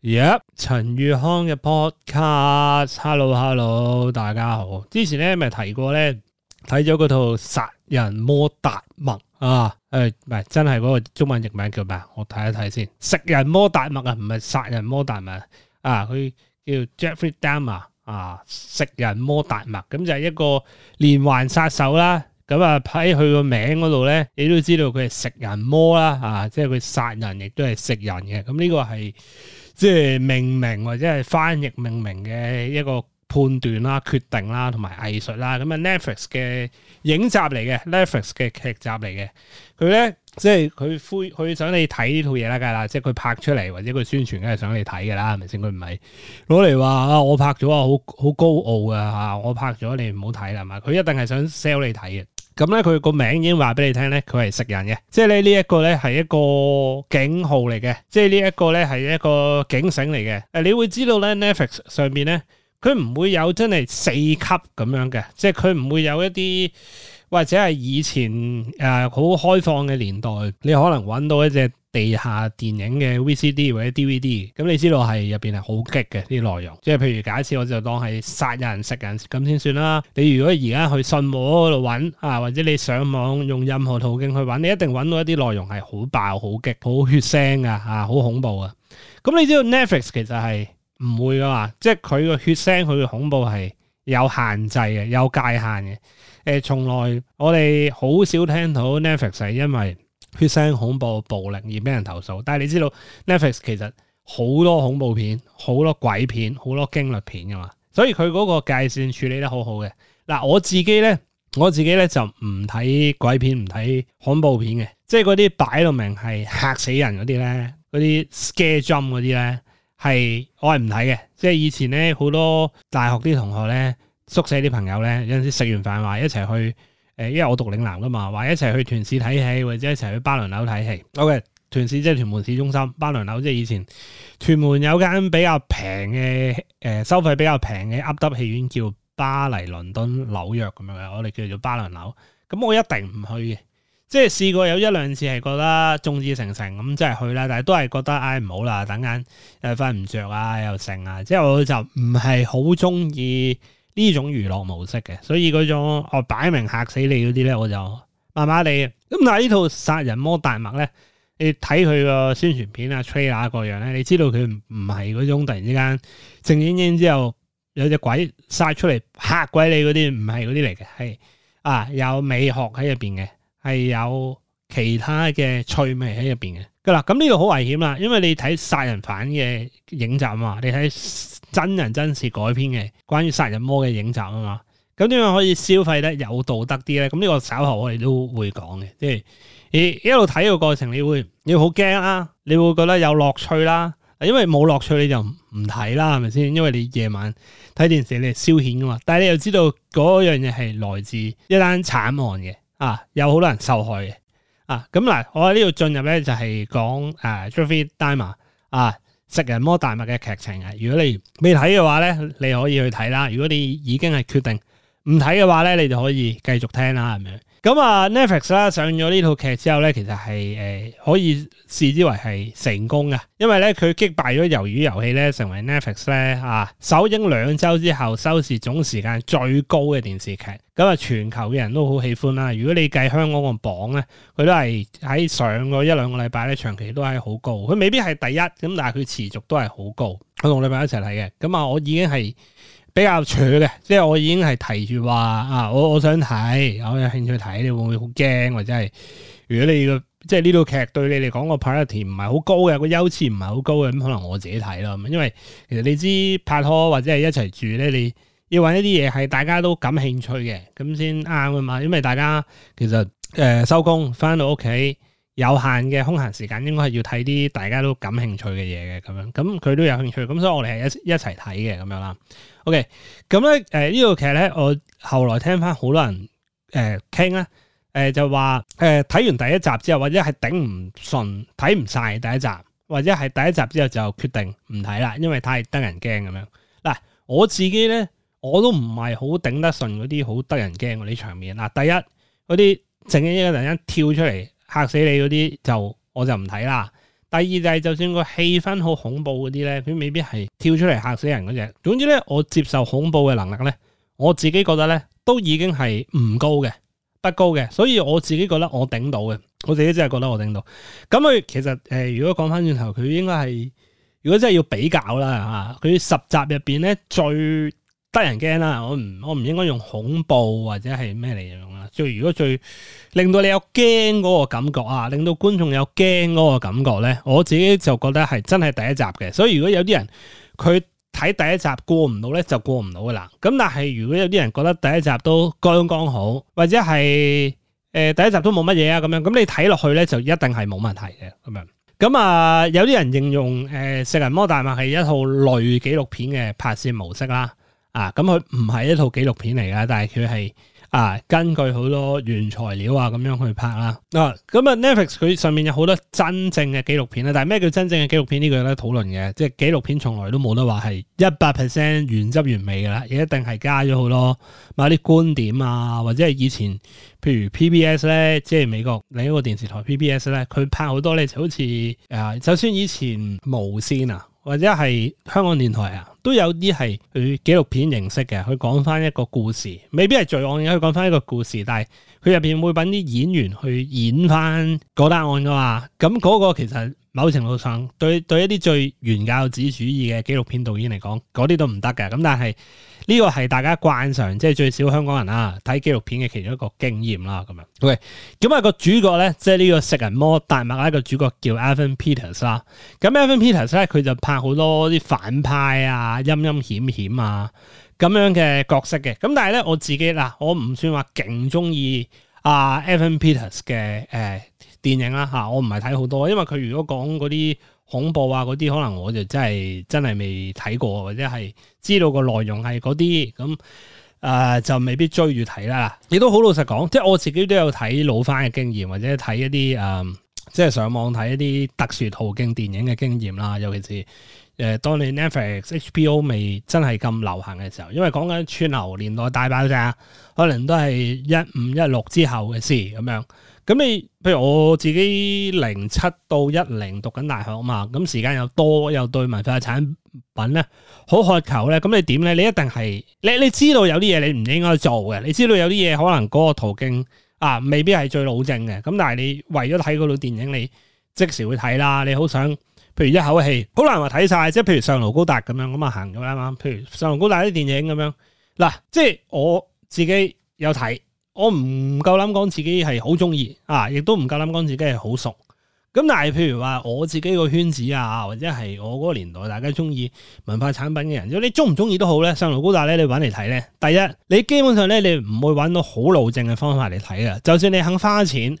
Yep，陳宇康嘅 podcast，hello hello，大家好。之前咧咪提過咧，睇咗嗰套殺人魔達默啊，誒唔係真係嗰個中文譯名叫咩？我睇一睇先，食人魔達默啊，唔係殺人魔達默啊，佢叫 Jeffrey Dahmer 啊，食人魔達默，咁就係一個連環殺手啦。咁啊喺佢個名嗰度咧，你都知道佢係食人魔啦，啊，即係佢殺人亦都係食人嘅，咁呢個係。即係命名或者係翻譯命名嘅一個判斷啦、決定啦，同埋藝術啦。咁啊，Netflix 嘅影集嚟嘅，Netflix 嘅劇集嚟嘅。佢咧即係佢灰，佢想你睇呢套嘢啦梗係啦。即係佢拍出嚟或者佢宣傳，梗係想你睇㗎啦，係咪先？佢唔係攞嚟話啊，我拍咗啊，好好高傲啊嚇，我拍咗你唔好睇啦，係咪？佢一定係想 sell 你睇嘅。咁咧佢個名已經話俾你聽咧，佢係食人嘅，即係咧呢一個咧係一個警號嚟嘅，即係呢一個咧係一個警醒嚟嘅。誒，你會知道咧 Netflix 上面咧，佢唔會有真係四級咁樣嘅，即係佢唔會有一啲。或者係以前誒好、呃、開放嘅年代，你可能揾到一隻地下電影嘅 VCD 或者 DVD，咁你知道係入邊係好激嘅啲內容。即係譬如假設我就當係殺人食人咁先算啦。你如果而家去信和嗰度揾啊，或者你上網用任何途徑去揾，你一定揾到一啲內容係好爆、好激、好血腥嘅啊，好恐怖啊！咁你知道 Netflix 其實係唔會噶嘛？即係佢個血腥、佢嘅恐怖係有限制嘅、有界限嘅。誒，從來我哋好少聽到 Netflix 係因為血腥、恐怖、暴力而俾人投訴。但係你知道 Netflix 其實好多恐怖片、好多鬼片、好多驚慄片㗎嘛，所以佢嗰個界線處理得好好嘅。嗱，我自己咧，我自己咧就唔睇鬼片、唔睇恐怖片嘅，即係嗰啲擺到明係嚇死人嗰啲咧，嗰啲 scare jump 嗰啲咧，係我係唔睇嘅。即係以前咧，好多大學啲同學咧。宿舍啲朋友咧，有陣時食完飯話一齊去，誒，因為我讀嶺南噶嘛，話一齊去屯市睇戲，或者一齊去巴倫樓睇戲。OK，屯市即係屯門市中心，巴倫樓即係以前屯門有間比較平嘅，誒、呃，收費比較平嘅 up up 戲院叫巴黎、倫敦、紐約咁樣嘅，我哋叫做巴倫樓。咁我一定唔去嘅，即係試過有一兩次係覺得眾志成城咁，即係去啦，但係都係覺得，唉、哎，唔好啦，等陣，誒，瞓唔着啊，又剩啊，即係我就唔係好中意。呢種娛樂模式嘅，所以嗰種哦擺明嚇死你嗰啲咧，我就麻麻地。咁但係，呢套《殺人魔達默》咧，你睇佢個宣傳片啊、trailer 各樣咧，你知道佢唔係嗰種突然之間靜靜靜之後有隻鬼殺出嚟嚇鬼你嗰啲，唔係嗰啲嚟嘅，係啊有美學喺入邊嘅，係有其他嘅趣味喺入邊嘅。嗱咁呢度好危險啦，因為你睇殺人犯嘅影集嘛，你睇。真人真事改編嘅關於殺人魔嘅影集啊嘛，咁點樣可以消費得有道德啲咧？咁呢個稍後我哋都會講嘅，即係你一路睇個過程，你會你會好驚啦，你會覺得有樂趣啦、啊，因為冇樂趣你就唔睇啦，係咪先？因為你夜晚睇電視你係消遣噶嘛，但係你又知道嗰樣嘢係來自一單慘案嘅啊，有好多人受害嘅啊，咁嗱，我喺呢度進入咧就係、是、講誒 Jeffrey Dahmer 啊。食人魔達默嘅劇情啊！如果你未睇嘅話呢，你可以去睇啦。如果你已經係決定唔睇嘅話呢，你就可以繼續聽啦，係咪？咁啊、嗯，Netflix 啦，上咗呢套劇之後咧，其實係，誒、呃、可以視之為係成功嘅，因為咧佢擊敗咗魷魚遊戲咧，成為 Netflix 咧，啊，首映兩周之後收視總時間最高嘅電視劇。咁、嗯、啊，全球嘅人都好喜歡啦。如果你計香港個榜咧，佢都係喺上個一兩個禮拜咧，長期都係好高。佢未必係第一，咁但係佢持續都係好高。我同女朋友一齊睇嘅，咁、嗯、啊，我已經係。比較蠢嘅，即係我已經係提住話啊，我我想睇，我有興趣睇，你會唔會好驚？或者係如果你個即係呢套劇對你嚟講個 priority 唔係好高嘅，個優次唔係好高嘅，咁可能我自己睇咯。因為其實你知拍拖或者係一齊住咧，你要揾一啲嘢係大家都感興趣嘅，咁先啱啊嘛。因為大家其實誒收工翻到屋企。有限嘅空閒時間應該係要睇啲大家都感興趣嘅嘢嘅咁樣，咁佢都有興趣，咁所以我哋係一一齊睇嘅咁樣啦。OK，咁咧誒呢套劇咧，我後來聽翻好多人誒傾咧，誒、呃呃、就話誒睇完第一集之後，或者係頂唔順，睇唔晒第一集，或者係第一集之後就決定唔睇啦，因為太得人驚咁樣。嗱，我自己咧，我都唔係好頂得順嗰啲好得人驚嗰啲場面。嗱，第一嗰啲正一忽然間跳出嚟，嚇死你嗰啲就我就唔睇啦。第二就係、是、就算個氣氛好恐怖嗰啲咧，佢未必係跳出嚟嚇死人嗰隻。總之咧，我接受恐怖嘅能力咧，我自己覺得咧都已經係唔高嘅，不高嘅。所以我自己覺得我頂到嘅，我自己真係覺得我頂到。咁、嗯、佢其實誒、呃，如果講翻轉頭，佢應該係如果真係要比較啦吓，佢十集入邊咧最。得人驚啦！我唔我唔應該用恐怖或者係咩嚟，用啦。最如果最令到你有驚嗰個感覺啊，令到觀眾有驚嗰個感覺咧，我自己就覺得係真係第一集嘅。所以如果有啲人佢睇第一集過唔到咧，就過唔到噶啦。咁但係如果有啲人覺得第一集都剛剛好，或者係誒、呃、第一集都冇乜嘢啊咁樣，咁你睇落去咧就一定係冇問題嘅咁樣。咁啊、呃、有啲人形容《誒、呃《食人魔達默》係一套類紀錄片嘅拍攝模式啦。啊，咁佢唔係一套紀錄片嚟噶，但係佢係啊，根據好多原材料啊咁樣去拍啦。嗱、啊，咁、嗯、啊 Netflix 佢上面有好多真正嘅紀錄片啦，但係咩叫真正嘅紀錄片呢？有得討論嘅，即係紀錄片從來都冇得話係一百 percent 原汁原味噶啦，而一定係加咗好多某啲觀點啊，或者係以前譬如 PBS 咧，即係美國另一個電視台 PBS 咧，佢拍好多咧就好似啊，就算以前無線啊。或者係香港電台啊，都有啲係佢紀錄片形式嘅，去講返一個故事，未必係罪案嘅，去講返一個故事，但係佢入邊會揾啲演員去演返嗰單案㗎嘛，咁嗰個其實。某程度上，對對一啲最原教旨主義嘅紀錄片導演嚟講，嗰啲都唔得嘅。咁但係呢個係大家慣常，即係最少香港人啊睇紀錄片嘅其中一個經驗啦。咁樣，OK，咁啊個主角咧，即係呢個食人魔大麥一個主角叫 Evan Peters 啦、啊。咁 Evan Peters 咧、啊，佢就拍好多啲反派啊、陰陰險險啊咁樣嘅角色嘅。咁、啊、但係咧，我自己嗱、啊，我唔算話勁鍾意阿 Evan Peters 嘅誒。啊電影啦、啊、吓，我唔係睇好多，因為佢如果講嗰啲恐怖啊嗰啲，可能我就真係真係未睇過，或者係知道個內容係嗰啲咁，誒、呃、就未必追住睇啦。亦都好老實講，即係我自己都有睇老翻嘅經驗，或者睇一啲誒、呃，即係上網睇一啲特殊途徑電影嘅經驗啦。尤其是誒、呃，當你 Netflix、HBO 未真係咁流行嘅時候，因為講緊串流年代大爆炸，可能都係一五一六之後嘅事咁樣。咁你，譬如我自己零七到一零讀緊大學啊嘛，咁時間又多，又對文化產品咧好渴求咧，咁你點咧？你一定係你你知道有啲嘢你唔應該做嘅，你知道有啲嘢可能嗰個途徑啊，未必係最老正嘅，咁但係你為咗睇嗰套電影，你即時會睇啦。你好想，譬如一口氣好難話睇晒，即係譬如上《尚盧高達》咁樣咁啊行咁樣嘛，譬如《尚盧高達》啲電影咁樣嗱，即係我自己有睇。我唔夠膽講自己係好中意啊，亦都唔夠膽講自己係好熟。咁但係譬如話我自己個圈子啊，或者係我嗰個年代大家中意文化產品嘅人，如果你中唔中意都好咧，上路高達咧，你搵嚟睇咧。第一，你基本上咧，你唔會搵到好路正嘅方法嚟睇嘅。就算你肯花錢。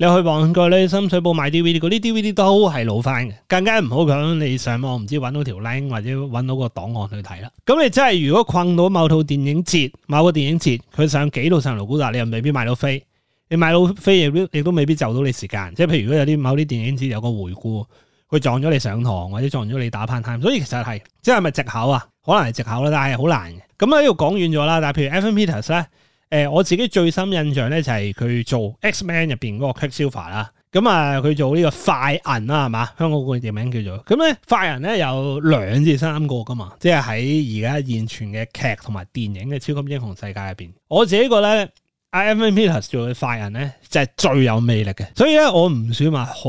你去旺角咧，深水埗買 D V D，嗰啲 D V D 都係老翻嘅，更加唔好講你上網唔知揾到條 link 或者揾到個檔案去睇啦。咁你真係如果困到某套電影節、某個電影節，佢上幾度上盧古達，你又未必買到飛，你買到飛亦都亦都未必就到你時間。即係譬如如果有啲某啲電影節有個回顧，佢撞咗你上堂或者撞咗你打 part time，所以其實係即係咪藉口啊？可能係藉口啦，但係好難嘅。咁咧要講遠咗啦。但係譬如 Evan Peters 咧。誒、啊、我自己最深印象咧就係、是、佢做 X-Men 入邊嗰個 Captain Alpha 啦，咁啊佢做呢個快銀啦，係嘛？香港個叫名叫做咁咧，快人咧、欸、有兩至三個噶嘛，即係喺而家現存嘅劇同埋電影嘅超級英雄世界入邊，我自己覺得阿 Evan Peters 做嘅快人咧，即、就、係、是、最有魅力嘅。所以咧，我唔算話好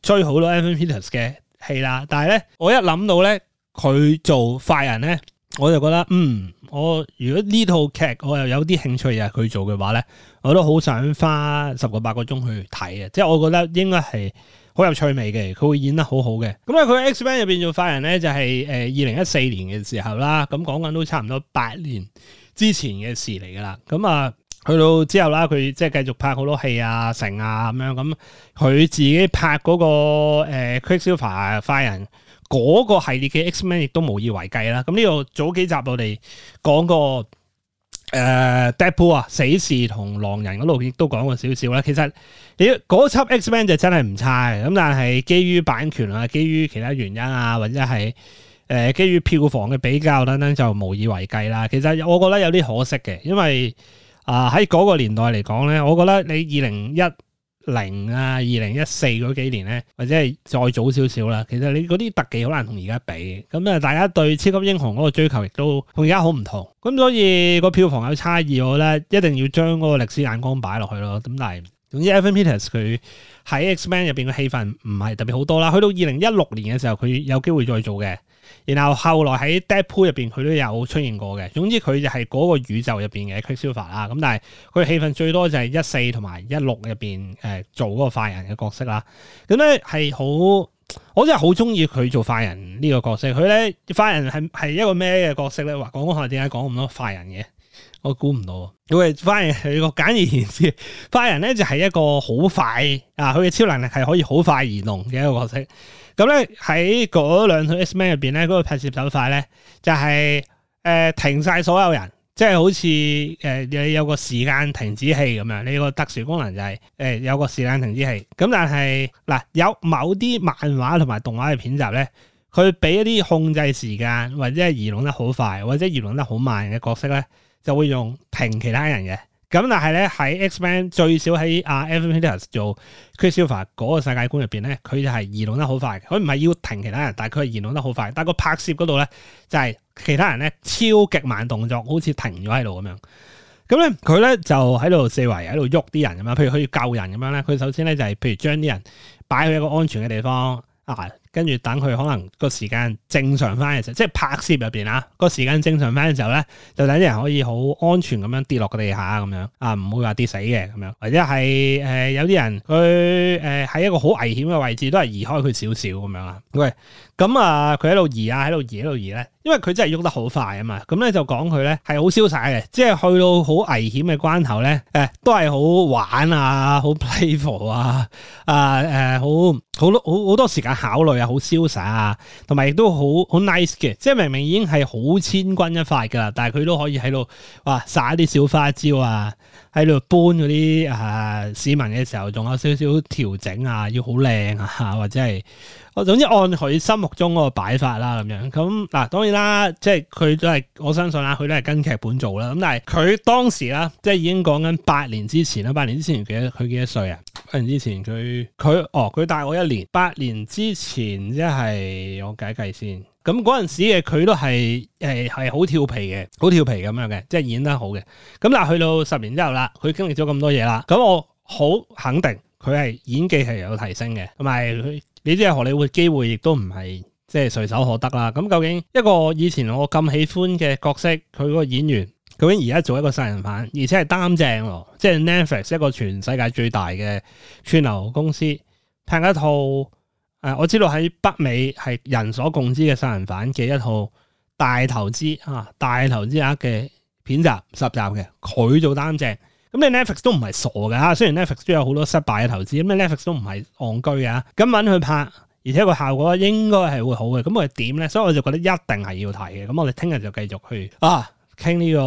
追好多 Evan Peters 嘅戲啦，但係咧，我一諗到咧佢做快人咧，我就覺得嗯。我如果呢套劇我又有啲興趣嘅佢做嘅話咧，我都好想花十個八個鐘去睇嘅，即係我覺得應該係好有趣味嘅，佢會演得好好嘅。咁、嗯、咧佢 X-Men 入邊做犯人咧就係誒二零一四年嘅時候啦，咁講緊都差唔多八年之前嘅事嚟噶啦。咁、嗯、啊去到之後啦，佢即係繼續拍好多戲啊、成啊咁樣咁，佢、嗯、自己拍嗰、那個誒 Quicksilver 犯人。嗰個系列嘅 X-Men 亦都無以為繼啦。咁呢度早幾集我哋講個誒、呃、Deadpool 啊，死侍同狼人嗰度亦都講過少少啦。其實你嗰輯 X-Men 就真係唔差嘅。咁但係基於版權啊，基於其他原因啊，或者係誒、呃、基於票房嘅比較等等，就無以為繼啦。其實我覺得有啲可惜嘅，因為啊喺嗰個年代嚟講咧，我覺得你二零一零啊，二零一四嗰幾年呢，或者係再早少少啦。其實你嗰啲特技好難同而家比，咁啊大家對超級英雄嗰個追求亦都同而家好唔同。咁所以個票房有差異，我覺得一定要將嗰個歷史眼光擺落去咯。咁但係總之 Evan Peters 佢喺 X Man 入邊嘅戲份唔係特別好多啦。去到二零一六年嘅時候，佢有機會再做嘅。然後後來喺 Deadpool 入邊佢都有出現過嘅，總之佢就係嗰個宇宙入邊嘅 Quicksilver 啦。咁但係佢嘅戲份最多就係一四同埋一六入邊誒做嗰個快人嘅角色啦。咁咧係好，我真係好中意佢做快人呢個角色呢。佢咧快人係係一個咩嘅角色咧？話講講下點解講咁多快人嘅？我估唔到。因為反而係個簡而言之，快人咧就係一個好快啊！佢嘅超能力係可以好快移動嘅一個角色。咁咧喺嗰兩套《X Men》入邊咧，嗰個拍攝手法咧就係誒停晒所有人，即係好似誒有有個時間停止器咁樣。你個特殊功能就係誒有個時間停止器。咁但係嗱，有某啲漫畫同埋動畫嘅片集咧，佢俾一啲控制時間或者係移動得好快或者移動得好慢嘅角色咧，就會用停其他人嘅。咁但係咧喺 X-Men 最少喺啊 Avengers、啊、做 Chris 嗰個世界觀入邊咧，佢就係移動得好快，佢唔係要停其他人，但係佢係移動得好快。但個拍攝嗰度咧就係、是、其他人咧超極慢動作，好似停咗喺度咁樣。咁咧佢咧就喺度四圍喺度喐啲人咁樣，譬如佢要救人咁樣咧。佢首先咧就係、是、譬如將啲人擺去一個安全嘅地方啊。跟住等佢可能個時間正常翻嘅時候，即係拍攝入邊啊個時間正常翻嘅時候咧，就等啲人可以好安全咁樣跌落個地下咁樣啊，唔會話跌死嘅咁樣，或者係誒有啲人佢誒喺一個好危險嘅位置都係移開佢少少咁樣啊。喂，咁啊佢喺度移啊，喺度移，喺度移咧、啊。因為佢真係喐得好快啊嘛，咁咧就講佢咧係好瀟灑嘅，即係去到好危險嘅關頭咧，誒都係好玩啊，好 playful 啊，啊誒、啊、好好多好好多時間考慮啊，好瀟灑啊，同埋亦都好好 nice 嘅，即係明明已經係好千鈞一髮噶啦，但係佢都可以喺度哇耍啲小花招啊。喺度搬嗰啲啊市民嘅時候，仲有少少調整啊，要好靚啊，或者係我總之按佢心目中嗰個擺法啦，咁樣咁嗱，啊，當然啦，即係佢都係我相信啦，佢都係跟劇本做啦。咁但係佢當時啦，即係已經講緊八年之前啦，八年之前幾多佢幾多歲啊？八年之前佢佢哦，佢大我一年。八年之前即係我計計先。咁嗰陣時嘅佢都係誒係好調皮嘅，好調皮咁樣嘅，即係演得好嘅。咁嗱，去到十年之後啦，佢經歷咗咁多嘢啦。咁我好肯定佢係演技係有提升嘅，同埋佢你知啊，荷里活機會亦都唔係即係隨手可得啦。咁究竟一個以前我咁喜歡嘅角色，佢個演員究竟而家做一個殺人犯，而且係擔正喎，即係 Netflix 一個全世界最大嘅串流公司拍一套。誒、嗯，我知道喺北美係人所共知嘅殺人犯嘅一套大投資啊，大投資額嘅片集十集嘅，佢做擔正。咁你 Netflix 都唔係傻噶雖然 Netflix 都有好多失敗嘅投資，咁你 Netflix 都唔係戇居啊。咁搵佢拍，而且個效果應該係會好嘅。咁我哋點咧？所以我就覺得一定係要睇嘅。咁我哋聽日就繼續去啊，傾呢個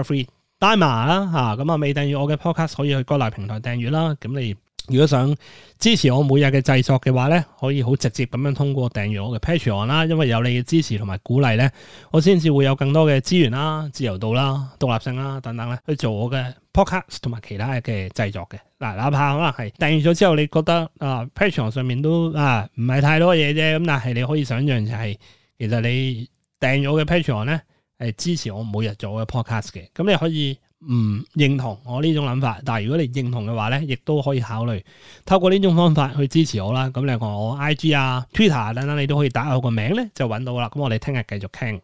Jeffrey Dahmer 啦吓。咁啊，未訂閱我嘅 podcast 可以去各大平台訂閱啦。咁你。如果想支持我每日嘅製作嘅話咧，可以好直接咁樣通過訂閱我嘅 Patreon 啦，因為有你嘅支持同埋鼓勵咧，我先至會有更多嘅資源啦、自由度啦、獨立性啦等等咧，去做我嘅 podcast 同埋其他嘅製作嘅。嗱，哪怕可能係訂閱咗之後，你覺得啊 Patreon 上面都啊唔係太多嘢啫，咁但係你可以想象就係，其實你訂閱我嘅 Patreon 咧，係支持我每日做我嘅 podcast 嘅，咁你可以。唔、嗯、認同我呢種諗法，但係如果你認同嘅話咧，亦都可以考慮透過呢種方法去支持我啦。咁你同我 IG 啊、Twitter 等等，你都可以打我個名咧，就揾到啦。咁我哋聽日繼續傾。